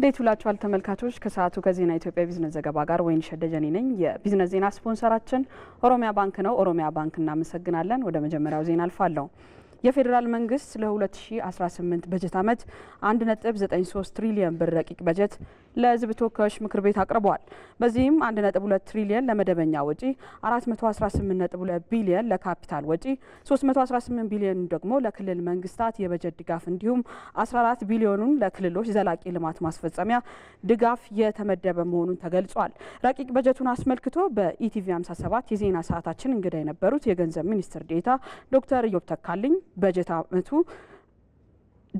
እንዴት ውላችኋል ተመልካቾች። ከሰዓቱ ከዜና ኢትዮጵያ ቢዝነስ ዘገባ ጋር ወይን ሸደጀኔ ነኝ። የቢዝነስ ዜና ስፖንሰራችን ኦሮሚያ ባንክ ነው። ኦሮሚያ ባንክ እናመሰግናለን። ወደ መጀመሪያው ዜና አልፋለሁ። የፌዴራል መንግስት ለ2018 በጀት ዓመት 1.93 ትሪሊዮን ብር ረቂቅ በጀት ለህዝብ ተወካዮች ምክር ቤት አቅርበዋል። በዚህም 1.2 ትሪሊየን ለመደበኛ ወጪ፣ 418.2 ቢሊየን ለካፒታል ወጪ፣ 318 ቢሊዮን ደግሞ ለክልል መንግስታት የበጀት ድጋፍ እንዲሁም 14 ቢሊዮኑን ለክልሎች ዘላቂ ልማት ማስፈጸሚያ ድጋፍ የተመደበ መሆኑን ተገልጿል። ረቂቅ በጀቱን አስመልክቶ በኢቲቪ 57 የዜና ሰዓታችን እንግዳ የነበሩት የገንዘብ ሚኒስትር ዴታ ዶክተር ኢዮብ ተካልኝ በጀት አመቱ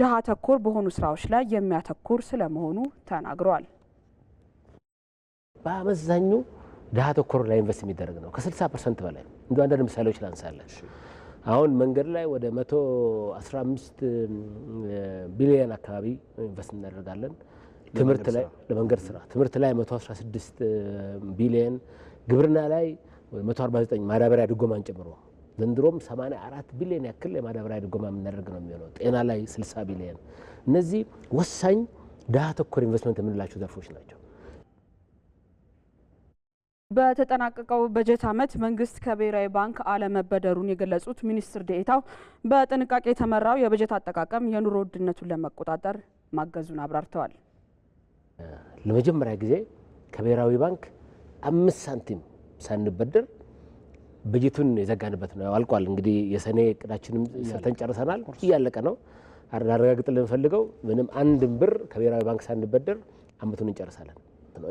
ድሃ ተኮር በሆኑ ስራዎች ላይ የሚያተኩር ስለመሆኑ ተናግረዋል። በአመዛኙ ድሃ ተኮር ላይ ኢንቨስት የሚደረግ ነው ከ60 ፐርሰንት በላይ እንዲ አንዳንድ ምሳሌዎች ላንሳለን። አሁን መንገድ ላይ ወደ 115 ቢሊዮን አካባቢ ኢንቨስት እናደርጋለን። ትምህርት ላይ ለመንገድ ስራ ትምህርት ላይ 116 ቢሊዮን፣ ግብርና ላይ 149 ማዳበሪያ ድጎማን ጨምሮ ዘንድሮም 84 ቢሊዮን ያክል የማዳበሪያ ድጎማ የምናደርግ ነው የሚሆነው። ጤና ላይ 60 ቢሊዮን። እነዚህ ወሳኝ ድሃ ተኮር ኢንቨስትመንት የምንላቸው ዘርፎች ናቸው። በተጠናቀቀው በጀት ዓመት መንግስት ከብሔራዊ ባንክ አለመበደሩን የገለጹት ሚኒስትር ዴኤታው በጥንቃቄ የተመራው የበጀት አጠቃቀም የኑሮ ውድነቱን ለመቆጣጠር ማገዙን አብራርተዋል። ለመጀመሪያ ጊዜ ከብሔራዊ ባንክ አምስት ሳንቲም ሳንበደር በጀቱን የዘጋንበት ነው። አልቋል። እንግዲህ የሰኔ እቅዳችንም ሰርተን ጨርሰናል። እያለቀ ነው። አረጋግጥ ልንፈልገው ምንም አንድም ብር ከብሔራዊ ባንክ ሳንበደር አመቱን እንጨርሳለን።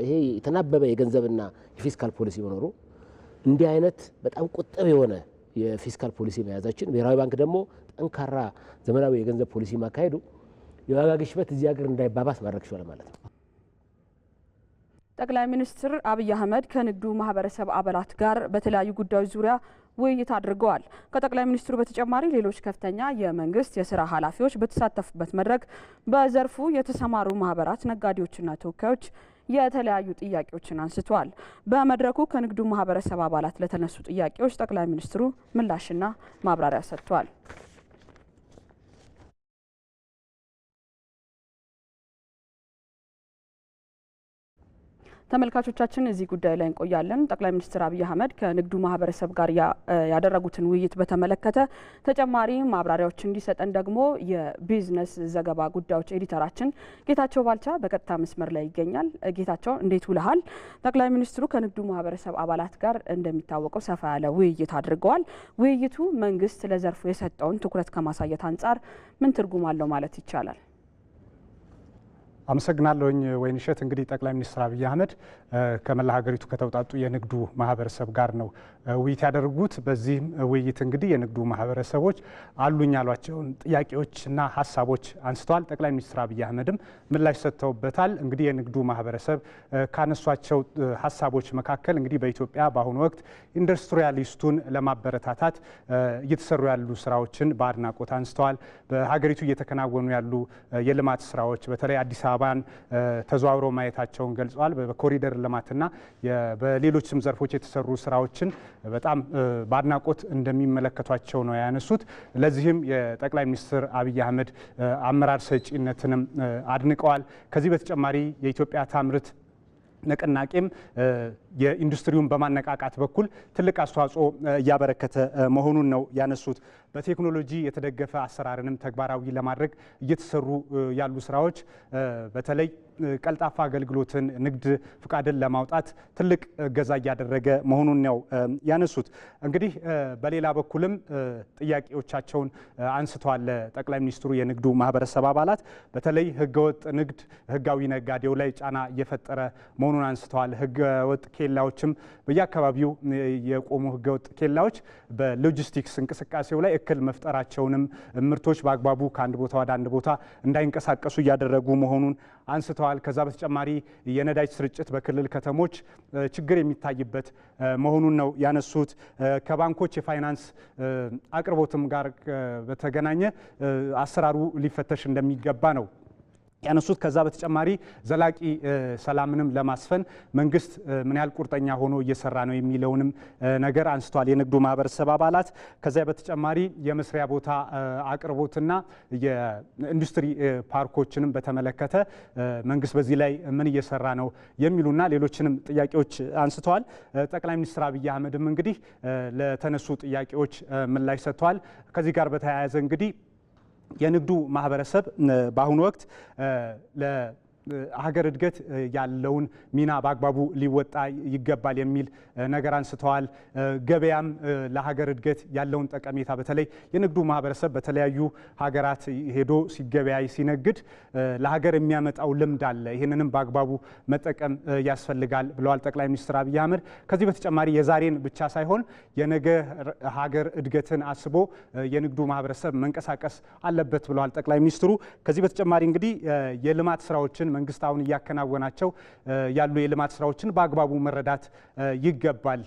ይሄ የተናበበ የገንዘብና የፊስካል ፖሊሲ መኖሩ እንዲህ አይነት በጣም ቁጥብ የሆነ የፊስካል ፖሊሲ መያዛችን ብሔራዊ ባንክ ደግሞ ጠንካራ ዘመናዊ የገንዘብ ፖሊሲ ማካሄዱ የዋጋ ግሽበት እዚህ ሀገር እንዳይባባስ ማድረግ ይችላል ማለት ነው። ጠቅላይ ሚኒስትር አብይ አህመድ ከንግዱ ማህበረሰብ አባላት ጋር በተለያዩ ጉዳዮች ዙሪያ ውይይት አድርገዋል። ከጠቅላይ ሚኒስትሩ በተጨማሪ ሌሎች ከፍተኛ የመንግስት የስራ ኃላፊዎች በተሳተፉበት መድረክ በዘርፉ የተሰማሩ ማህበራት፣ ነጋዴዎችና ተወካዮች የተለያዩ ጥያቄዎችን አንስተዋል። በመድረኩ ከንግዱ ማህበረሰብ አባላት ለተነሱ ጥያቄዎች ጠቅላይ ሚኒስትሩ ምላሽና ማብራሪያ ሰጥቷል። ተመልካቾቻችን እዚህ ጉዳይ ላይ እንቆያለን። ጠቅላይ ሚኒስትር አብይ አህመድ ከንግዱ ማህበረሰብ ጋር ያደረጉትን ውይይት በተመለከተ ተጨማሪ ማብራሪያዎች እንዲሰጠን ደግሞ የቢዝነስ ዘገባ ጉዳዮች ኤዲተራችን ጌታቸው ባልቻ በቀጥታ መስመር ላይ ይገኛል። ጌታቸው እንዴት ውለሃል? ጠቅላይ ሚኒስትሩ ከንግዱ ማህበረሰብ አባላት ጋር እንደሚታወቀው ሰፋ ያለ ውይይት አድርገዋል። ውይይቱ መንግስት ለዘርፉ የሰጠውን ትኩረት ከማሳየት አንጻር ምን ትርጉም አለው ማለት ይቻላል? አመሰግናለሁኝ ወይን እሸት። እንግዲህ ጠቅላይ ሚኒስትር አብይ አህመድ ከመላ ሀገሪቱ ከተውጣጡ የንግዱ ማህበረሰብ ጋር ነው ውይይት ያደርጉት። በዚህም ውይይት እንግዲህ የንግዱ ማህበረሰቦች አሉኝ ያሏቸውን ጥያቄዎችና ሀሳቦች አንስተዋል። ጠቅላይ ሚኒስትር አብይ አህመድም ምላሽ ሰጥተውበታል። እንግዲህ የንግዱ ማህበረሰብ ካነሷቸው ሀሳቦች መካከል እንግዲህ በኢትዮጵያ በአሁኑ ወቅት ኢንዱስትሪያሊስቱን ለማበረታታት እየተሰሩ ያሉ ስራዎችን በአድናቆት አንስተዋል። በሀገሪቱ እየተከናወኑ ያሉ የልማት ስራዎች በተለይ አዲስ አበባን ተዘዋውሮ ማየታቸውን ገልጸዋል። በኮሪደር ልማትና በሌሎችም ዘርፎች የተሰሩ ስራዎችን በጣም በአድናቆት እንደሚመለከቷቸው ነው ያነሱት። ለዚህም የጠቅላይ ሚኒስትር አብይ አህመድ አመራር ሰጪነትንም አድንቀዋል። ከዚህ በተጨማሪ የኢትዮጵያ ታምርት ንቅናቄም የኢንዱስትሪውን በማነቃቃት በኩል ትልቅ አስተዋጽኦ እያበረከተ መሆኑን ነው ያነሱት። በቴክኖሎጂ የተደገፈ አሰራርንም ተግባራዊ ለማድረግ እየተሰሩ ያሉ ስራዎች በተለይ ቀልጣፋ አገልግሎትን፣ ንግድ ፍቃድን ለማውጣት ትልቅ እገዛ እያደረገ መሆኑን ነው ያነሱት። እንግዲህ በሌላ በኩልም ጥያቄዎቻቸውን አንስተዋል ጠቅላይ ሚኒስትሩ። የንግዱ ማህበረሰብ አባላት በተለይ ህገወጥ ንግድ ህጋዊ ነጋዴው ላይ ጫና እየፈጠረ መሆኑን አንስተዋል። ህገወጥ ኬላዎችም በየአካባቢው የቆሙ ህገወጥ ኬላዎች በሎጂስቲክስ እንቅስቃሴው ላይ እክል መፍጠራቸውንም ምርቶች በአግባቡ ከአንድ ቦታ ወደ አንድ ቦታ እንዳይንቀሳቀሱ እያደረጉ መሆኑን አንስተዋል። ከዛ በተጨማሪ የነዳጅ ስርጭት በክልል ከተሞች ችግር የሚታይበት መሆኑን ነው ያነሱት። ከባንኮች የፋይናንስ አቅርቦትም ጋር በተገናኘ አሰራሩ ሊፈተሽ እንደሚገባ ነው ያነሱት ከዛ በተጨማሪ ዘላቂ ሰላምንም ለማስፈን መንግስት ምን ያህል ቁርጠኛ ሆኖ እየሰራ ነው የሚለውንም ነገር አንስቷል። የንግዱ ማህበረሰብ አባላት ከዚያ በተጨማሪ የመስሪያ ቦታ አቅርቦትና የኢንዱስትሪ ፓርኮችንም በተመለከተ መንግስት በዚህ ላይ ምን እየሰራ ነው የሚሉና ሌሎችንም ጥያቄዎች አንስተዋል። ጠቅላይ ሚኒስትር አብይ አህመድም እንግዲህ ለተነሱ ጥያቄዎች ምላሽ ሰጥተዋል። ከዚህ ጋር በተያያዘ እንግዲህ የንግዱ ማህበረሰብ በአሁኑ ወቅት ሀገር እድገት ያለውን ሚና በአግባቡ ሊወጣ ይገባል የሚል ነገር አንስተዋል። ገበያም ለሀገር እድገት ያለውን ጠቀሜታ በተለይ የንግዱ ማህበረሰብ በተለያዩ ሀገራት ሄዶ ሲገበያይ ሲነግድ ለሀገር የሚያመጣው ልምድ አለ። ይህንንም በአግባቡ መጠቀም ያስፈልጋል ብለዋል ጠቅላይ ሚኒስትር አብይ አህመድ። ከዚህ በተጨማሪ የዛሬን ብቻ ሳይሆን የነገ ሀገር እድገትን አስቦ የንግዱ ማህበረሰብ መንቀሳቀስ አለበት ብለዋል ጠቅላይ ሚኒስትሩ። ከዚህ በተጨማሪ እንግዲህ የልማት ስራዎችን መንግስት አሁን እያከናወናቸው ያሉ የልማት ስራዎችን በአግባቡ መረዳት ይገባል።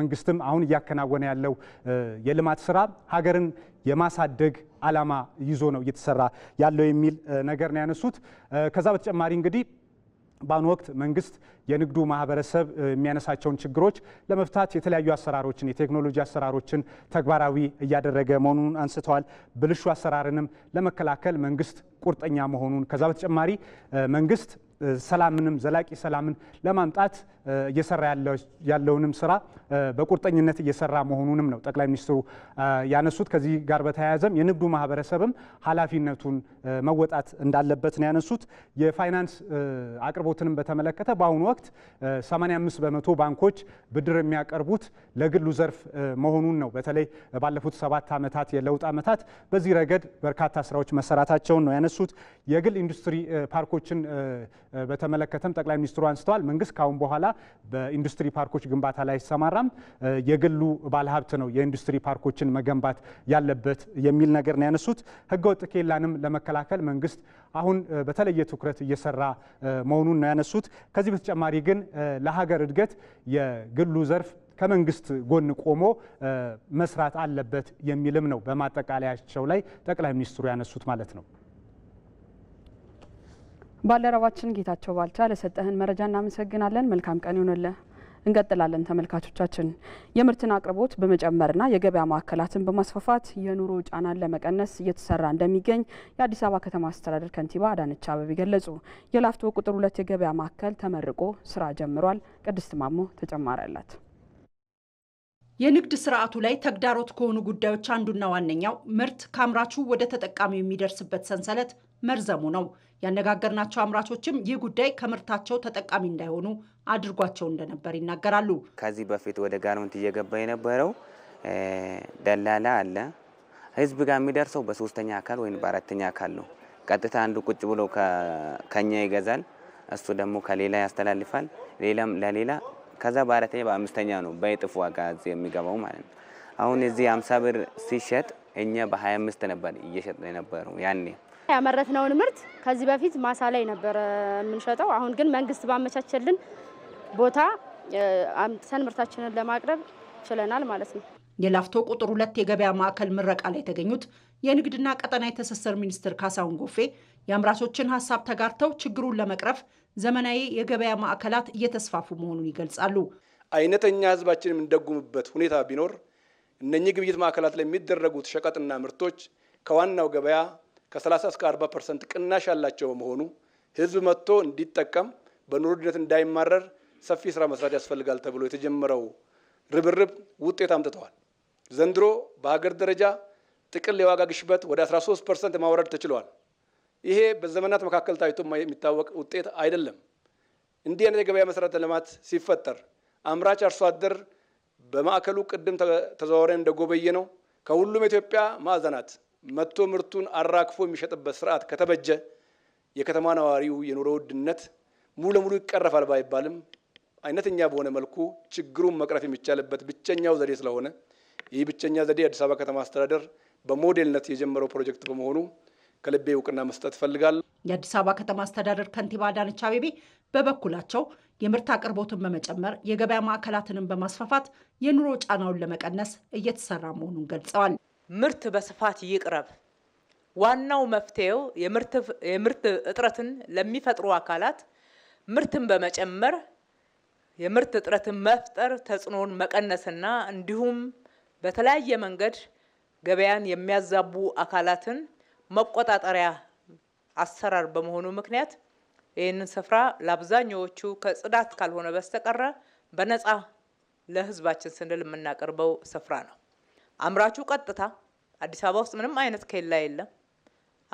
መንግስትም አሁን እያከናወነ ያለው የልማት ስራ ሀገርን የማሳደግ አላማ ይዞ ነው እየተሰራ ያለው የሚል ነገር ነው ያነሱት። ከዛ በተጨማሪ እንግዲህ በአሁኑ ወቅት መንግስት የንግዱ ማህበረሰብ የሚያነሳቸውን ችግሮች ለመፍታት የተለያዩ አሰራሮችን የቴክኖሎጂ አሰራሮችን ተግባራዊ እያደረገ መሆኑን አንስተዋል። ብልሹ አሰራርንም ለመከላከል መንግስት ቁርጠኛ መሆኑን ከዛ በተጨማሪ መንግስት ሰላምንም ዘላቂ ሰላምን ለማምጣት እየሰራ ያለውንም ስራ በቁርጠኝነት እየሰራ መሆኑንም ነው ጠቅላይ ሚኒስትሩ ያነሱት። ከዚህ ጋር በተያያዘም የንግዱ ማህበረሰብም ኃላፊነቱን መወጣት እንዳለበት ነው ያነሱት። የፋይናንስ አቅርቦትንም በተመለከተ በአሁኑ ወቅት 85 በመቶ ባንኮች ብድር የሚያቀርቡት ለግሉ ዘርፍ መሆኑን ነው። በተለይ ባለፉት ሰባት ዓመታት የለውጥ ዓመታት በዚህ ረገድ በርካታ ስራዎች መሰራታቸውን ነው ያነሱት። የግል ኢንዱስትሪ ፓርኮችን በተመለከተም ጠቅላይ ሚኒስትሩ አንስተዋል። መንግስት ካሁን በኋላ በኢንዱስትሪ ፓርኮች ግንባታ ላይ አይሰማራም፣ የግሉ ባለሀብት ነው የኢንዱስትሪ ፓርኮችን መገንባት ያለበት የሚል ነገር ነው ያነሱት። ህገወጥ ኬላንም ለመከላከል መንግስት አሁን በተለየ ትኩረት እየሰራ መሆኑን ነው ያነሱት። ከዚህ በተጨማሪ ግን ለሀገር እድገት የግሉ ዘርፍ ከመንግስት ጎን ቆሞ መስራት አለበት የሚልም ነው በማጠቃለያቸው ላይ ጠቅላይ ሚኒስትሩ ያነሱት ማለት ነው። ባልደረባችን ጌታቸው ባልቻ ለሰጠህን መረጃ እናመሰግናለን። መልካም ቀን ይሁንልህ። እንቀጥላለን ተመልካቾቻችን። የምርትን አቅርቦት በመጨመርና የገበያ ማዕከላትን በማስፋፋት የኑሮ ጫናን ለመቀነስ እየተሰራ እንደሚገኝ የአዲስ አበባ ከተማ አስተዳደር ከንቲባ አዳነች አቤቤ ገለጹ። የላፍቶ ቁጥር ሁለት የገበያ ማዕከል ተመርቆ ስራ ጀምሯል። ቅድስት ማሞ ተጨማሪ አላት። የንግድ ስርዓቱ ላይ ተግዳሮት ከሆኑ ጉዳዮች አንዱና ዋነኛው ምርት ከአምራቹ ወደ ተጠቃሚው የሚደርስበት ሰንሰለት መርዘሙ ነው። ያነጋገርናቸው አምራቾችም ይህ ጉዳይ ከምርታቸው ተጠቃሚ እንዳይሆኑ አድርጓቸው እንደነበር ይናገራሉ። ከዚህ በፊት ወደ ጋርመንት እየገባ የነበረው ደላላ አለ። ህዝብ ጋር የሚደርሰው በሶስተኛ አካል ወይም በአራተኛ አካል ነው። ቀጥታ አንዱ ቁጭ ብሎ ከኛ ይገዛል፣ እሱ ደግሞ ከሌላ ያስተላልፋል፣ ሌላም ለሌላ ከዛ በአራተኛ በአምስተኛ ነው በእጥፍ ዋጋ የሚገባው ማለት ነው። አሁን እዚህ 50 ብር ሲሸጥ እኛ በ25 ነበር እየሸጥ የነበረው ያኔ ያመረትነውን ምርት ከዚህ በፊት ማሳ ላይ ነበረ የምንሸጠው። አሁን ግን መንግስት ባመቻቸልን ቦታ አምጥተን ምርታችንን ለማቅረብ ችለናል ማለት ነው። የላፍቶ ቁጥር ሁለት የገበያ ማዕከል ምረቃ ላይ የተገኙት የንግድና ቀጠና ትስስር ሚኒስትር ካሳሁን ጎፌ የአምራቾችን ሀሳብ ተጋርተው ችግሩን ለመቅረፍ ዘመናዊ የገበያ ማዕከላት እየተስፋፉ መሆኑን ይገልጻሉ። አይነተኛ ህዝባችን የምንደጉምበት ሁኔታ ቢኖር እነኚህ ግብይት ማዕከላት ላይ የሚደረጉት ሸቀጥና ምርቶች ከዋናው ገበያ ከ30 እስከ 40 ፐርሰንት ቅናሽ ያላቸው በመሆኑ ህዝብ መጥቶ እንዲጠቀም በኑሮ ውድነት እንዳይማረር ሰፊ ስራ መስራት ያስፈልጋል ተብሎ የተጀመረው ርብርብ ውጤት አምጥተዋል። ዘንድሮ በሀገር ደረጃ ጥቅል የዋጋ ግሽበት ወደ 13 ፐርሰንት ማውረድ ተችሏል። ይሄ በዘመናት መካከል ታይቶ የሚታወቅ ውጤት አይደለም። እንዲህ አይነት የገበያ መሰረተ ልማት ሲፈጠር አምራች አርሶ አደር በማዕከሉ ቅድም ተዘዋውረን እንደጎበየ ነው ከሁሉም የኢትዮጵያ ማዕዘናት መጥቶ ምርቱን አራክፎ የሚሸጥበት ስርዓት ከተበጀ የከተማ ነዋሪው የኑሮ ውድነት ሙሉ ለሙሉ ይቀረፋል ባይባልም አይነተኛ በሆነ መልኩ ችግሩን መቅረፍ የሚቻልበት ብቸኛው ዘዴ ስለሆነ ይህ ብቸኛ ዘዴ አዲስ አበባ ከተማ አስተዳደር በሞዴልነት የጀመረው ፕሮጀክት በመሆኑ ከልቤ እውቅና መስጠት እፈልጋለሁ። የአዲስ አበባ ከተማ አስተዳደር ከንቲባ አዳነች አቤቤ በበኩላቸው የምርት አቅርቦትን በመጨመር የገበያ ማዕከላትንም በማስፋፋት የኑሮ ጫናውን ለመቀነስ እየተሰራ መሆኑን ገልጸዋል። ምርት በስፋት ይቅረብ። ዋናው መፍትሄው የምርት እጥረትን ለሚፈጥሩ አካላት ምርትን በመጨመር የምርት እጥረትን መፍጠር ተጽዕኖን መቀነስና እንዲሁም በተለያየ መንገድ ገበያን የሚያዛቡ አካላትን መቆጣጠሪያ አሰራር በመሆኑ ምክንያት ይህንን ስፍራ ለአብዛኛዎቹ ከጽዳት ካልሆነ በስተቀረ በነፃ ለሕዝባችን ስንል የምናቀርበው ስፍራ ነው። አምራቹ ቀጥታ አዲስ አበባ ውስጥ ምንም አይነት ኬላ የለም።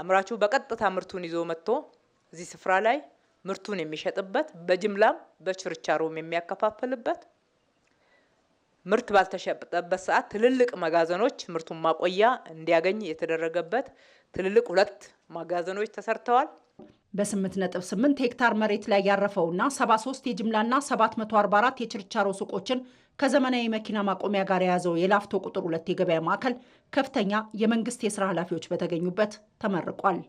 አምራቹ በቀጥታ ምርቱን ይዞ መጥቶ እዚህ ስፍራ ላይ ምርቱን የሚሸጥበት በጅምላም በችርቻሮም የሚያከፋፍልበት ምርት ባልተሸጠበት ሰዓት ትልልቅ መጋዘኖች ምርቱን ማቆያ እንዲያገኝ የተደረገበት ትልልቅ ሁለት መጋዘኖች ተሰርተዋል። በ8.8 ሄክታር መሬት ላይ ያረፈውና 73 የጅምላና 744 የችርቻሮ ሱቆችን ከዘመናዊ መኪና ማቆሚያ ጋር የያዘው የላፍቶ ቁጥር ሁለት የገበያ ማዕከል ከፍተኛ የመንግስት የስራ ኃላፊዎች በተገኙበት ተመርቋል።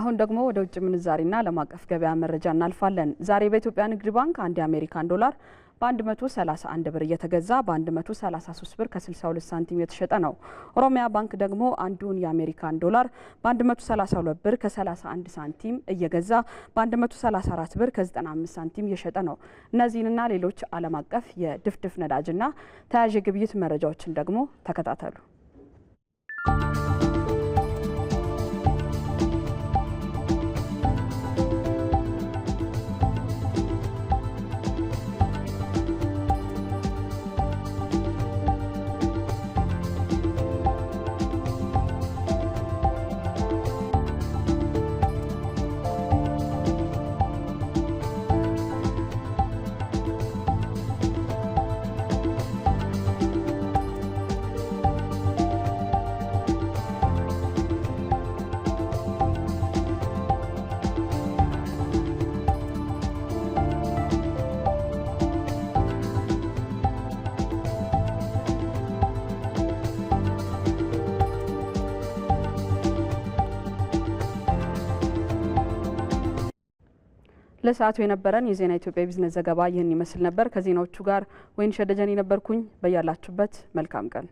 አሁን ደግሞ ወደ ውጭ ምንዛሪና ዓለም አቀፍ ገበያ መረጃ እናልፋለን። ዛሬ በኢትዮጵያ ንግድ ባንክ አንድ የአሜሪካን ዶላር በ131 ብር እየተገዛ በ133 ብር ከ62 ሳንቲም የተሸጠ ነው። ኦሮሚያ ባንክ ደግሞ አንዱን የአሜሪካን ዶላር በ132 ብር ከ31 ሳንቲም እየገዛ በ134 ብር ከ95 ሳንቲም እየሸጠ ነው። እነዚህንና ሌሎች ዓለም አቀፍ የድፍድፍ ነዳጅና ተያዥ የግብይት መረጃዎችን ደግሞ ተከታተሉ። ለሰዓቱ የነበረን የዜና ኢትዮጵያ ቢዝነስ ዘገባ ይህን ይመስል ነበር። ከዜናዎቹ ጋር ወይን ሸደጀን የነበርኩኝ። በያላችሁበት መልካም ቀን